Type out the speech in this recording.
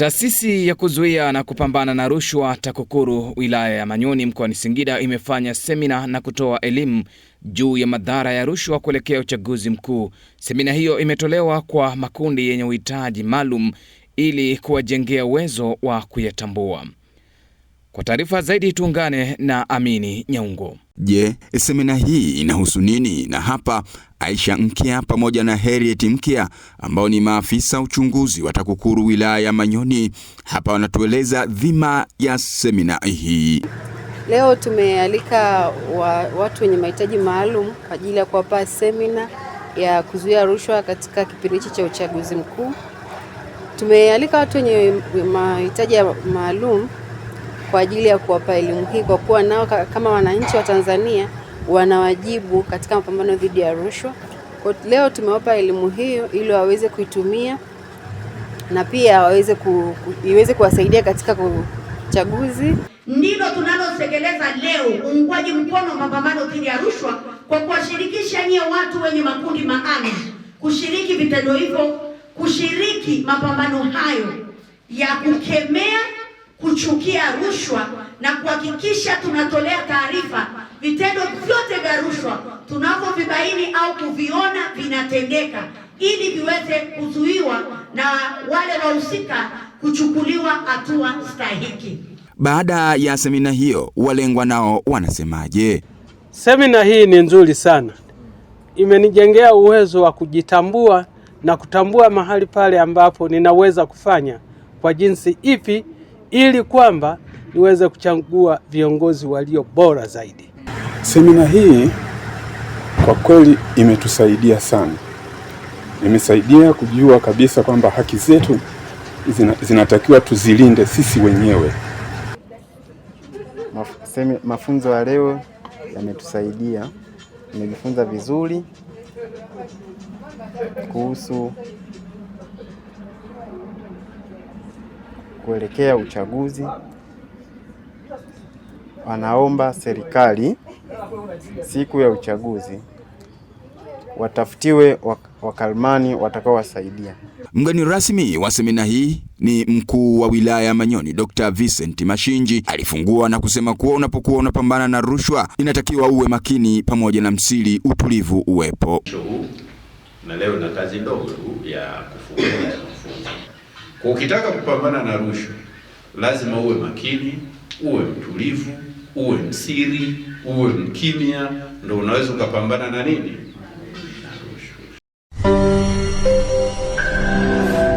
Taasisi ya kuzuia na kupambana na rushwa TAKUKURU wilaya ya Manyoni mkoani Singida imefanya semina na kutoa elimu juu ya madhara ya rushwa kuelekea uchaguzi mkuu. Semina hiyo imetolewa kwa makundi yenye uhitaji maalum ili kuwajengea uwezo wa kuyatambua. Kwa taarifa zaidi tuungane na Amini Nyaungo. Je, semina hii inahusu nini? Na hapa Aisha Mkia pamoja na Harriet Mkia ambao ni maafisa uchunguzi wa TAKUKURU wilaya ya Manyoni hapa wanatueleza dhima ya semina hii. Leo tumealika wa, watu wenye mahitaji maalum kwa ajili ya kuwapa semina ya kuzuia rushwa katika kipindi hichi cha uchaguzi mkuu. Tumealika watu wenye mahitaji maalum kwa ajili ya kuwapa elimu hii, kwa kuwa nao kama wananchi wa Tanzania wana wajibu katika mapambano dhidi ya rushwa. Kwa leo tumewapa elimu hiyo ili waweze kuitumia na pia waweze ku, ku, iweze kuwasaidia katika uchaguzi. Ndilo tunalotekeleza leo, uungwaji mkono mapambano dhidi ya rushwa kwa kuwashirikisha nyie watu wenye makundi maalum kushiriki vitendo hivyo, kushiriki mapambano hayo ya kukemea kuchukia rushwa na kuhakikisha tunatolea taarifa vitendo vyote vya rushwa tunavyovibaini au kuviona vinatendeka, ili viweze kuzuiwa na wale wahusika kuchukuliwa hatua stahiki. Baada ya semina hiyo, walengwa nao wanasemaje? Semina hii ni nzuri sana, imenijengea uwezo wa kujitambua na kutambua mahali pale ambapo ninaweza kufanya kwa jinsi ipi ili kwamba niweze kuchagua viongozi walio bora zaidi. Semina hii kwa kweli imetusaidia sana, imesaidia kujua kabisa kwamba haki zetu zina, zinatakiwa tuzilinde sisi wenyewe. Maf, semi, mafunzo ya leo yametusaidia, nimejifunza vizuri kuhusu kuelekea uchaguzi, wanaomba serikali siku ya uchaguzi watafutiwe wakalimani watakaowasaidia. Mgeni rasmi wa semina hii ni mkuu wa wilaya ya Manyoni Dr. Vincent Mashinji alifungua na kusema kuwa unapokuwa unapambana na rushwa inatakiwa uwe makini pamoja na msiri utulivu uwepo. Na leo na kazi ndogo tu ya kufungua kwa ukitaka kupambana na rushwa lazima uwe makini, uwe mtulivu, uwe msiri, uwe mkimya, ndio unaweza ukapambana na nini